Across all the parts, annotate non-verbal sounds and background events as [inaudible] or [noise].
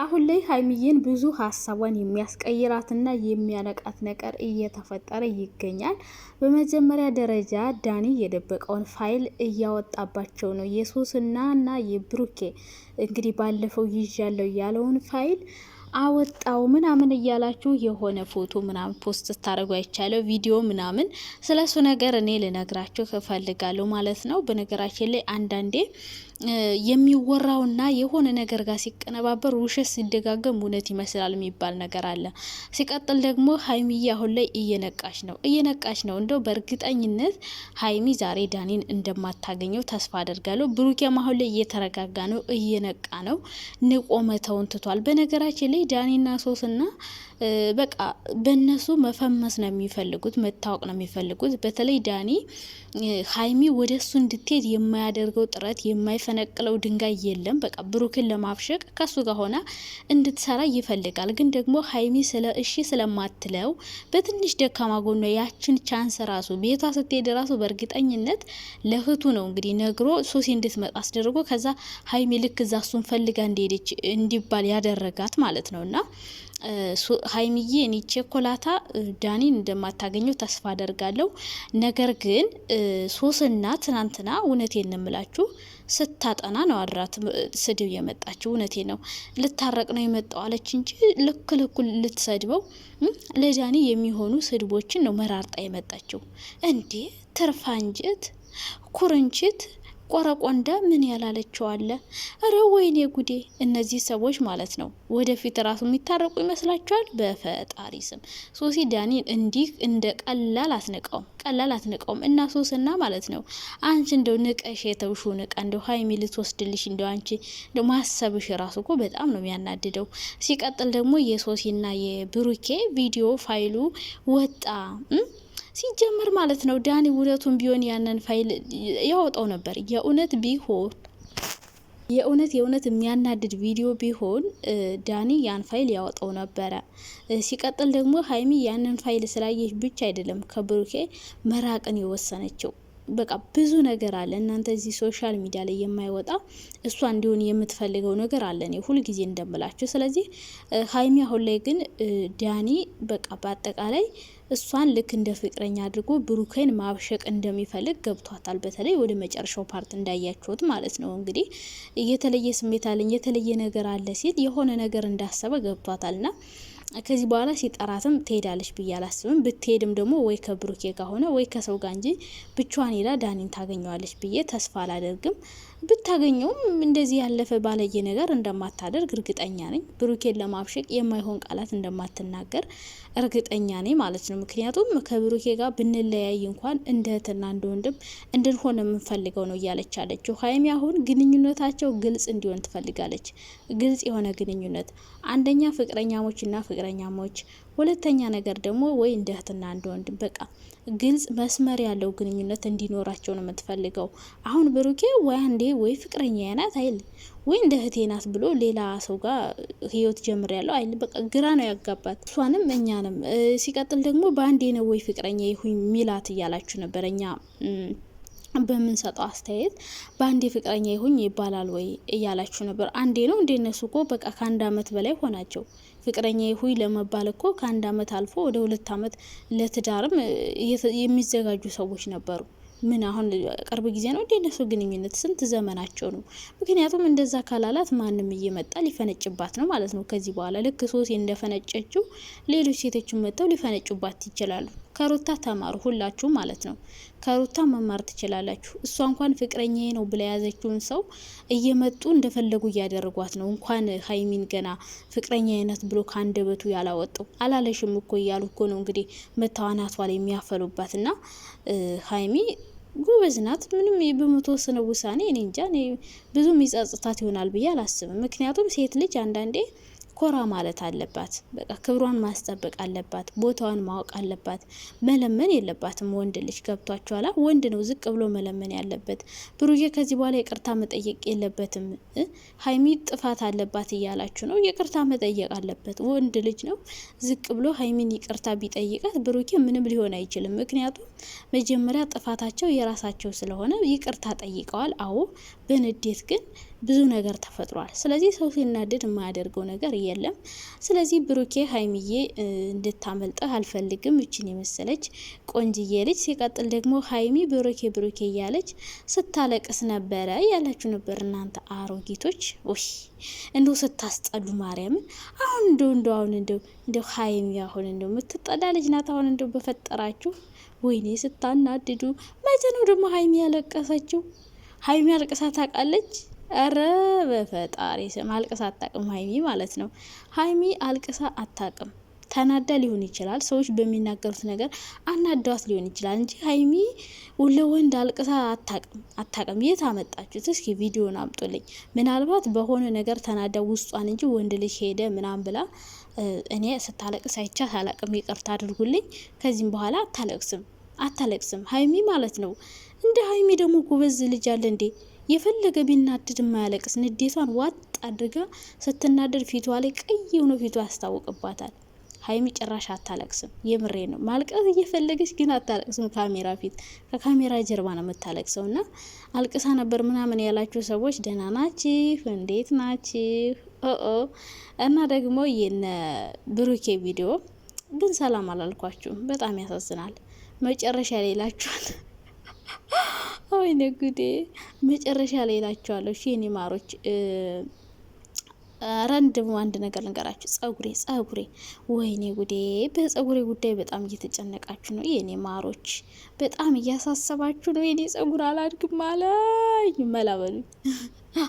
አሁን ላይ ሀይሚዬን ብዙ ሀሳቧን የሚያስቀይራትና የሚያነቃት ነገር እየተፈጠረ ይገኛል። በመጀመሪያ ደረጃ ዳኒ የደበቀውን ፋይል እያወጣባቸው ነው። የሶስና ና የብሩኬ እንግዲህ ባለፈው ይዣለው ያለውን ፋይል አወጣው ምናምን እያላችሁ የሆነ ፎቶ ምናምን ፖስት ስታደርጉ አይቻለው ቪዲዮ ምናምን ስለሱ ነገር እኔ ልነግራችሁ እፈልጋለሁ ማለት ነው። በነገራችን ላይ አንዳንዴ የሚወራውና የሆነ ነገር ጋር ሲቀነባበር ውሸት ሲደጋገም እውነት ይመስላል የሚባል ነገር አለ። ሲቀጥል ደግሞ ሀይሚዬ አሁን ላይ እየነቃች ነው እየነቃች ነው። እንደው በእርግጠኝነት ሀይሚ ዛሬ ዳኒን እንደማታገኘው ተስፋ አደርጋለሁ። ብሩኬም አሁን ላይ እየተረጋጋ ነው፣ እየነቃ ነው። ንቆ መተውን ትቷል። በነገራችን ላይ ዳኒና ሶስና በቃ በእነሱ መፈመስ ነው የሚፈልጉት፣ መታወቅ ነው የሚፈልጉት። በተለይ ዳኒ ሀይሚ ወደ እሱ እንድትሄድ የማያደርገው ጥረት የማይፈነቅለው ድንጋይ የለም። በቃ ብሩክን ለማብሸቅ ከሱ ጋር ሆና እንድትሰራ ይፈልጋል። ግን ደግሞ ሀይሚ ስለ እሺ ስለማትለው በትንሽ ደካማ ጎኗ ያችን ቻንስ ራሱ ቤቷ ስትሄድ ራሱ በእርግጠኝነት ለህቱ ነው እንግዲህ ነግሮ ሶሲ እንድትመጣ አስደርጎ ከዛ ሀይሚ ልክ እዛ እሱን ፈልጋ እንደሄደች እንዲባል ያደረጋት ማለት ነው እና ሀይሚዬ እኔ ቸኮላታ ዳኒን እንደማታገኘው ተስፋ አደርጋለሁ። ነገር ግን ሶስና ትናንትና እውነቴን ነው ስታጠና ነው አድራት ስድብ የመጣችው። እውነቴ ነው ልታረቅ ነው የመጣው አለች እንጂ ልክ ልኩ ልትሰድበው ለዳኒ የሚሆኑ ስድቦችን ነው መራርጣ የመጣችው። እንዴ ትርፋንጭት ኩርንችት ቆረቆንዳ ምን ያላለችው አለ። እረ ወይኔ ጉዴ! እነዚህ ሰዎች ማለት ነው ወደፊት ራሱ የሚታረቁ ይመስላችኋል? በፈጣሪ ስም ሶሲ ዳኒን እንዲህ እንደ ቀላል አትነቀውም፣ ቀላል አትነቀውም። እና ሶስና ማለት ነው አንቺ እንደው ንቀሽ የተውሹ ንቀ እንደው ሀይሚ ልትወስድልሽ እንደው አንቺ እንደው ማሰብሽ ራሱ እኮ በጣም ነው የሚያናድደው። ሲቀጥል ደግሞ የሶሲና የብሩኬ ቪዲዮ ፋይሉ ወጣ። ሲጀመር ማለት ነው ዳኒ እውነቱን ቢሆን ያንን ፋይል ያወጣው ነበር። የእውነት ቢሆን የእውነት የእውነት የሚያናድድ ቪዲዮ ቢሆን ዳኒ ያን ፋይል ያወጣው ነበረ። ሲቀጥል ደግሞ ሀይሚ ያንን ፋይል ስላየች ብቻ አይደለም ከብሩኬ መራቅን የወሰነችው። በቃ ብዙ ነገር አለ እናንተ እዚህ ሶሻል ሚዲያ ላይ የማይወጣ እሷ እንዲሆን የምትፈልገው ነገር አለ፣ እኔ ሁልጊዜ እንደምላችሁ። ስለዚህ ሀይሚ አሁን ላይ ግን ዳኒ በቃ በአጠቃላይ እሷን ልክ እንደ ፍቅረኛ አድርጎ ብሩኬን ማብሸቅ እንደሚፈልግ ገብቷታል። በተለይ ወደ መጨረሻው ፓርት እንዳያችሁት ማለት ነው እንግዲህ የተለየ ስሜት አለኝ የተለየ ነገር አለ ሲል የሆነ ነገር እንዳሰበ ገብቷታል ና ከዚህ በኋላ ሲጠራትም ትሄዳለች ብዬ አላስብም። ብትሄድም ደግሞ ወይ ከብሩኬ ጋር ሆነ ወይ ከሰው ጋር እንጂ ብቻዋን ሄዳ ዳኒን ታገኘዋለች ብዬ ተስፋ አላደርግም። ብታገኘውም እንደዚህ ያለፈ ባለየ ነገር እንደማታደርግ እርግጠኛ ነኝ። ብሩኬን ለማብሸቅ የማይሆን ቃላት እንደማትናገር እርግጠኛ ነኝ ማለት ነው። ምክንያቱም ከብሩኬ ጋር ብንለያይ እንኳን እንደ እህትና እንደ ወንድም እንድንሆን የምንፈልገው ነው እያለች አለችው። ሀይሚ አሁን ግንኙነታቸው ግልጽ እንዲሆን ትፈልጋለች። ግልጽ የሆነ ግንኙነት አንደኛ ፍቅረኛሞችና ፍቅረኛሞች ሁለተኛ ነገር ደግሞ ወይ እንደ እህትና እንደ ወንድም በቃ ግልጽ መስመር ያለው ግንኙነት እንዲኖራቸው ነው የምትፈልገው። አሁን ብሩኬ ወይ አንዴ ወይ ፍቅረኛ ናት አይል ወይ እንደ እህቴ ናት ብሎ ሌላ ሰው ጋር ህይወት ጀምር ያለው አይል። በቃ ግራ ነው ያጋባት እሷንም እኛንም። ሲቀጥል ደግሞ በአንዴ ነው ወይ ፍቅረኛ ይሁኝ ሚላት እያላችሁ ነበር እኛ በምንሰጠው አስተያየት በአንዴ ፍቅረኛ ይሁኝ ይባላል ወይ እያላችሁ ነበር። አንዴ ነው እንዴ? እነሱ እኮ በቃ ከአንድ አመት በላይ ሆናቸው። ፍቅረኛ ይሁኝ ለመባል እኮ ከአንድ አመት አልፎ ወደ ሁለት አመት ለትዳርም የሚዘጋጁ ሰዎች ነበሩ። ምን አሁን ቅርብ ጊዜ ነው እንዴ? እነሱ ግንኙነት? ስንት ዘመናቸው ነው? ምክንያቱም እንደዛ ካላላት ማንም እየመጣ ሊፈነጭባት ነው ማለት ነው። ከዚህ በኋላ ልክ ሶሴ እንደፈነጨችው ሌሎች ሴቶችን መጥተው ሊፈነጩባት ይችላሉ። ከሩታ ተማሩ ሁላችሁ ማለት ነው። ከሩታ መማር ትችላላችሁ። እሷ እንኳን ፍቅረኛ ነው ብላ የያዘችውን ሰው እየመጡ እንደፈለጉ እያደረጓት ነው። እንኳን ሀይሚን ገና ፍቅረኛ አይነት ብሎ ከአንደበቱ ያላወጡ አላለሽም እኮ እያሉ እኮ ነው እንግዲህ መታዋናቷ ላይ የሚያፈሉባት እና ሀይሚ ጎበዝ ናት። ምንም በምትወስነው ውሳኔ እኔ እንጃ ብዙ ይጸጽታት ይሆናል ብዬ አላስብም። ምክንያቱም ሴት ልጅ አንዳንዴ ኮራ ማለት አለባት። በቃ ክብሯን ማስጠበቅ አለባት። ቦታዋን ማወቅ አለባት። መለመን የለባትም። ወንድ ልጅ ገብቷችኋላ? ወንድ ነው ዝቅ ብሎ መለመን ያለበት። ብሩዬ ከዚህ በኋላ ይቅርታ መጠየቅ የለበትም። ሀይሚ ጥፋት አለባት እያላችሁ ነው። ይቅርታ መጠየቅ አለበት። ወንድ ልጅ ነው ዝቅ ብሎ ሀይሚን ይቅርታ ቢጠይቃት ብሩኬ ምንም ሊሆን አይችልም። ምክንያቱም መጀመሪያ ጥፋታቸው የራሳቸው ስለሆነ ይቅርታ ጠይቀዋል። አዎ በንዴት ግን ብዙ ነገር ተፈጥሯል። ስለዚህ ሰው ሲናደድ የማያደርገው ነገር የለም። ስለዚህ ብሩኬ ሀይሚዬ እንድታመልጠህ አልፈልግም። እችን የመሰለች ቆንጅዬ ልጅ ሲቀጥል ደግሞ ሀይሚ ብሩኬ ብሩኬ እያለች ስታለቅስ ነበረ ያላችሁ ነበር እናንተ አሮጊቶች። ውይ እንደው ስታስጠሉ ማርያምን። አሁን እንደው እንደው አሁን እንደው እንደው ሀይሚ አሁን እንደው የምትጠላ ልጅ ናት። አሁን እንደው በፈጠራችሁ ወይኔ ስታናድዱ። መቼ ነው ደግሞ ሀይሚ ያለቀሰችው? ሀይሚ ያለቀሳ ታውቃለች? እረ በፈጣሪ ስም አልቅሳ አታቅም ሀይሚ ማለት ነው። ሀይሚ አልቅሳ አታቅም። ተናዳ ሊሆን ይችላል፣ ሰዎች በሚናገሩት ነገር አናዳዋት ሊሆን ይችላል እንጂ ሀይሚ ለወንድ አልቅሳ አታቅም አታቅም። የት አመጣችሁት? እስኪ ቪዲዮን አምጡልኝ። ምናልባት በሆነ ነገር ተናዳ ውስጧን እንጂ ወንድ ልጅ ሄደ ምናምን ብላ እኔ ስታለቅስ አይቻ አላቅም። ይቅርታ አድርጉልኝ። ከዚህም በኋላ አታለቅስም አታለቅስም ሀይሚ ማለት ነው። እንደ ሀይሚ ደግሞ ጎበዝ ልጅ አለ እንዴ! የፈለገ ቢናድድ የማያለቅስ ንዴቷን ዋጥ አድርጋ ስትናደድ ፊቷ ላይ ቀይ ሆኖ ፊቷ ያስታውቅባታል። ሀይሚ ጭራሽ አታለቅስም። የምሬ ነው። ማልቀስ እየፈለገች ግን አታለቅስም። ካሜራ ፊት ከካሜራ ጀርባ ነው የምታለቅሰው። እና አልቅሳ ነበር ምናምን ያላችሁ ሰዎች ደህና ናችሁ? እንዴት ናችሁ? እና ደግሞ የነ ብሩኬ ቪዲዮ ግን ሰላም አላልኳችሁም። በጣም ያሳዝናል። መጨረሻ ላይ [laughs] ወይኔ ጉዴ! መጨረሻ ላይ እላችኋለሁ። እሺ የኔ ማሮች ረንድሞ አንድ ነገር ልንገራችሁ። ጸጉሬ ጸጉሬ ወይኔ ጉዴ! በጸጉሬ ጉዳይ በጣም እየተጨነቃችሁ ነው የኔ ማሮች፣ በጣም እያሳሰባችሁ ነው። የኔ ጸጉር አላድግም አለ ይመላበሉ። [laughs]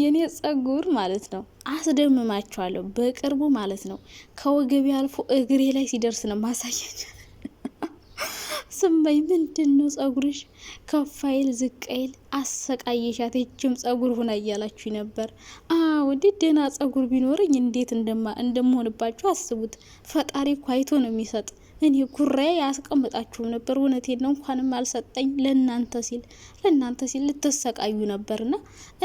የኔ ጸጉር ማለት ነው አስደምማችኋለሁ። በቅርቡ ማለት ነው ከወገቤ አልፎ እግሬ ላይ ሲደርስ ነው ማሳያቸው ስንበይ ምንድን ነው ጸጉርሽ ከፋይል ዝቀይል አሰቃየሻት ይችም ጸጉር ሁና እያላችሁ ነበር። አዎ ደህና ጸጉር ቢኖረኝ እንዴት እንደማ እንደምሆንባችሁ አስቡት። ፈጣሪ ኳይቶ ነው የሚሰጥ። እኔ ጉራዬ አያስቀምጣችሁም ነበር። እውነቴን ነው። እንኳንም አልሰጠኝ ለእናንተ ሲል ለእናንተ ሲል ልትሰቃዩ ነበርና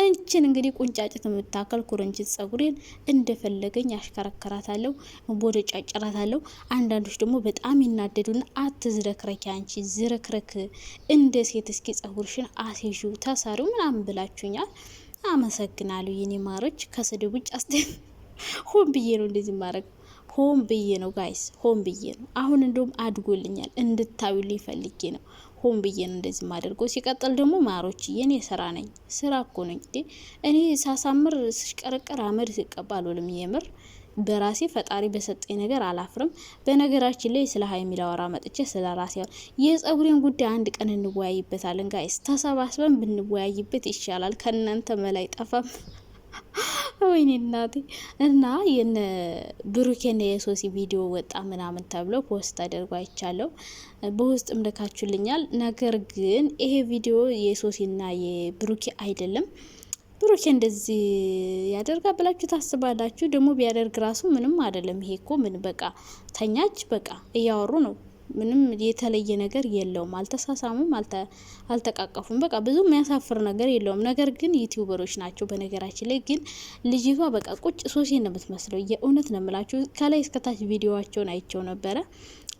እንችን እንግዲህ ቁንጫጭት የምታከል ኩርንችት ጸጉሬን እንደፈለገኝ አሽከረከራታለሁ፣ ወደ ጫጭራታለሁ። አንዳንዶች ደግሞ በጣም ይናደዱና አትዝረክረኪ አንቺ ዝረክረክ እንደ ሴት እስኪ ጸጉርሽን አሴዥ ተሰሪው ምናምን ብላችሁኛል። አመሰግናለሁ የኔ ማሮች። ከስድብ ውጭ አስቴ ሆን ብዬ ነው እንደዚህ ማድረግ ሆን ብዬ ነው ጋይስ፣ ሆን ብዬ ነው። አሁን እንደውም አድጎልኛል እንድታዩልኝ ፈልጌ ነው። ሆን ብዬ ነው እንደዚህ ማደርገው። ሲቀጥል ደግሞ ማሮች የኔ ስራ ነኝ፣ ስራ እኮ ነኝ። እኔ ሳሳምር ስሽቀረቀር አመድ ሲቀባ አልውልም። የምር በራሴ ፈጣሪ በሰጠኝ ነገር አላፍርም። በነገራችን ላይ ስለ ሀይሚ ላወራ መጥቼ ስለ ራሴ የጸጉሬን ጉዳይ አንድ ቀን እንወያይበታለን ጋይስ። ተሰባስበን ብንወያይበት ይሻላል። ከእናንተ መላይ ጠፋም ወይኔ እናቴ እና የነ ብሩኬን የሶሲ ቪዲዮ ወጣ ምናምን ተብሎ ፖስት አድርጎ አይቻለው በውስጥ ምልካችሁልኛል። ነገር ግን ይሄ ቪዲዮ የሶሲና የብሩኬ አይደለም። ብሩኬ እንደዚህ ያደርጋ ብላችሁ ታስባላችሁ? ደግሞ ቢያደርግ ራሱ ምንም አይደለም። ይሄ እኮ ምን በቃ ተኛች፣ በቃ እያወሩ ነው ምንም የተለየ ነገር የለውም። አልተሳሳሙም፣ አልተቃቀፉም። በቃ ብዙ የሚያሳፍር ነገር የለውም። ነገር ግን ዩቲዩበሮች ናቸው። በነገራችን ላይ ግን ልጅቷ በቃ ቁጭ ሶሲ ነው የምትመስለው። የእውነት ነው የምላችሁ ከላይ እስከታች ቪዲዮዋቸውን አይቸው ነበረ።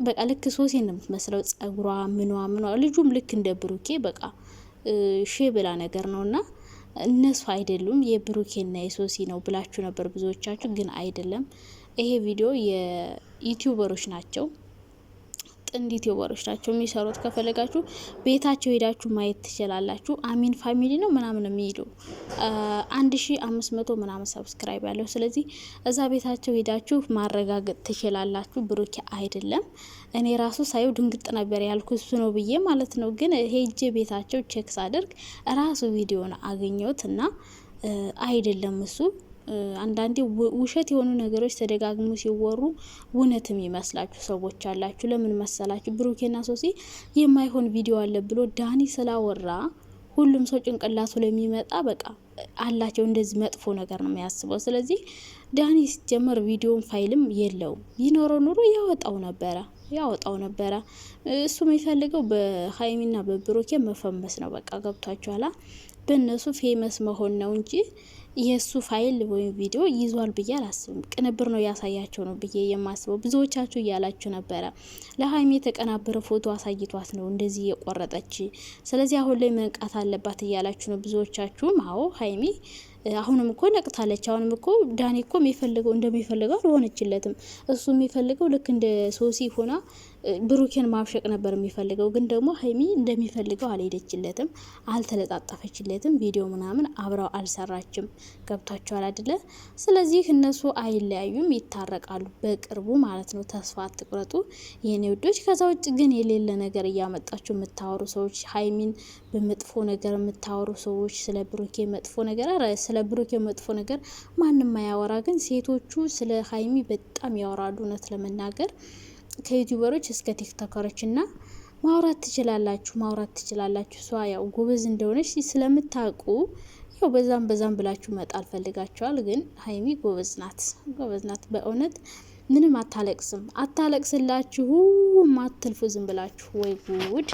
በቃ ልክ ሶሲ ነው የምትመስለው። ጸጉሯ፣ ምኗ ምኗ ልጁም ልክ እንደ ብሩኬ በቃ ሼ ብላ ነገር ነውና እነሱ አይደሉም የብሩኬና የሶሲ ነው ብላችሁ ነበር ብዙዎቻችሁ፣ ግን አይደለም። ይሄ ቪዲዮ የዩቲዩበሮች ናቸው። ጥንድ ዩቲዩበሮች ናቸው የሚሰሩት። ከፈለጋችሁ ቤታቸው ሄዳችሁ ማየት ትችላላችሁ። አሚን ፋሚሊ ነው ምናምን የሚሉ አንድ ሺ አምስት መቶ ምናምን ሰብስክራይብ ያለው። ስለዚህ እዛ ቤታቸው ሄዳችሁ ማረጋገጥ ትችላላችሁ። ብሩኬ አይደለም እኔ ራሱ ሳየው ድንግጥ ነበር ያልኩ እሱ ነው ብዬ ማለት ነው። ግን ሄጄ ቤታቸው ቼክ ሳደርግ ራሱ ቪዲዮን አገኘሁት እና አይደለም እሱ አንዳንዴ ውሸት የሆኑ ነገሮች ተደጋግሞ ሲወሩ እውነትም ይመስላችሁ ሰዎች አላችሁ። ለምን መሰላችሁ? ብሩኬና ሶሲ የማይሆን ቪዲዮ አለ ብሎ ዳኒ ስላወራ ሁሉም ሰው ጭንቅላቱ ለሚመጣ በቃ አላቸው እንደዚህ መጥፎ ነገር ነው የሚያስበው። ስለዚህ ዳኒ ሲጀመር ቪዲዮን ፋይልም የለውም። ቢኖረው ኑሮ ያወጣው ነበረ ያወጣው ነበረ። እሱ የሚፈልገው በሀይሚና በብሩኬ መፈመስ ነው። በቃ ገብቷቸኋላ በእነሱ ፌመስ መሆን ነው እንጂ የእሱ ፋይል ወይም ቪዲዮ ይዟል ብዬ አላስብም። ቅንብር ነው ያሳያቸው ነው ብዬ የማስበው። ብዙዎቻችሁ እያላችሁ ነበረ ለሀይሚ የተቀናበረ ፎቶ አሳይቷት ነው እንደዚህ የቆረጠች፣ ስለዚህ አሁን ላይ መንቃት አለባት እያላችሁ ነው ብዙዎቻችሁም። አዎ ሀይሚ አሁንም እኮ ነቅታለች። አሁንም እኮ ዳኔ እኮ የሚፈልገው እንደሚፈልገው አልሆነችለትም። እሱ የሚፈልገው ልክ እንደ ሶሲ ሆና ብሩኬን ማብሸቅ ነበር የሚፈልገው። ግን ደግሞ ሀይሚ እንደሚፈልገው አልሄደችለትም፣ አልተለጣጠፈችለትም። ቪዲዮ ምናምን አብረው አልሰራችም። ገብቷቸዋል አይደለ? ስለዚህ እነሱ አይለያዩም፣ ይታረቃሉ በቅርቡ ማለት ነው። ተስፋ አትቁረጡ የኔ ውዶች። ከዛ ውጭ ግን የሌለ ነገር እያመጣችሁ የምታወሩ ሰዎች፣ ሀይሚን በመጥፎ ነገር የምታወሩ ሰዎች፣ ስለ ብሩኬ መጥፎ ነገር ስለ ብሩክ የመጥፎ ነገር ማንም አያወራ፣ ግን ሴቶቹ ስለ ሀይሚ በጣም ያወራሉ። እውነት ለመናገር ከዩቲዩበሮች እስከ ቲክቶከሮች እና ማውራት ትችላላችሁ፣ ማውራት ትችላላችሁ። እሷ ያው ጎበዝ እንደሆነች ስለምታውቁ ያው በዛም በዛም ብላችሁ መጣል ፈልጋችኋል። ግን ሀይሚ ጎበዝ ናት፣ ጎበዝ ናት በእውነት ምንም አታለቅስም። አታለቅስላችሁ ማትልፉ ዝም ብላችሁ ወይ ጉድ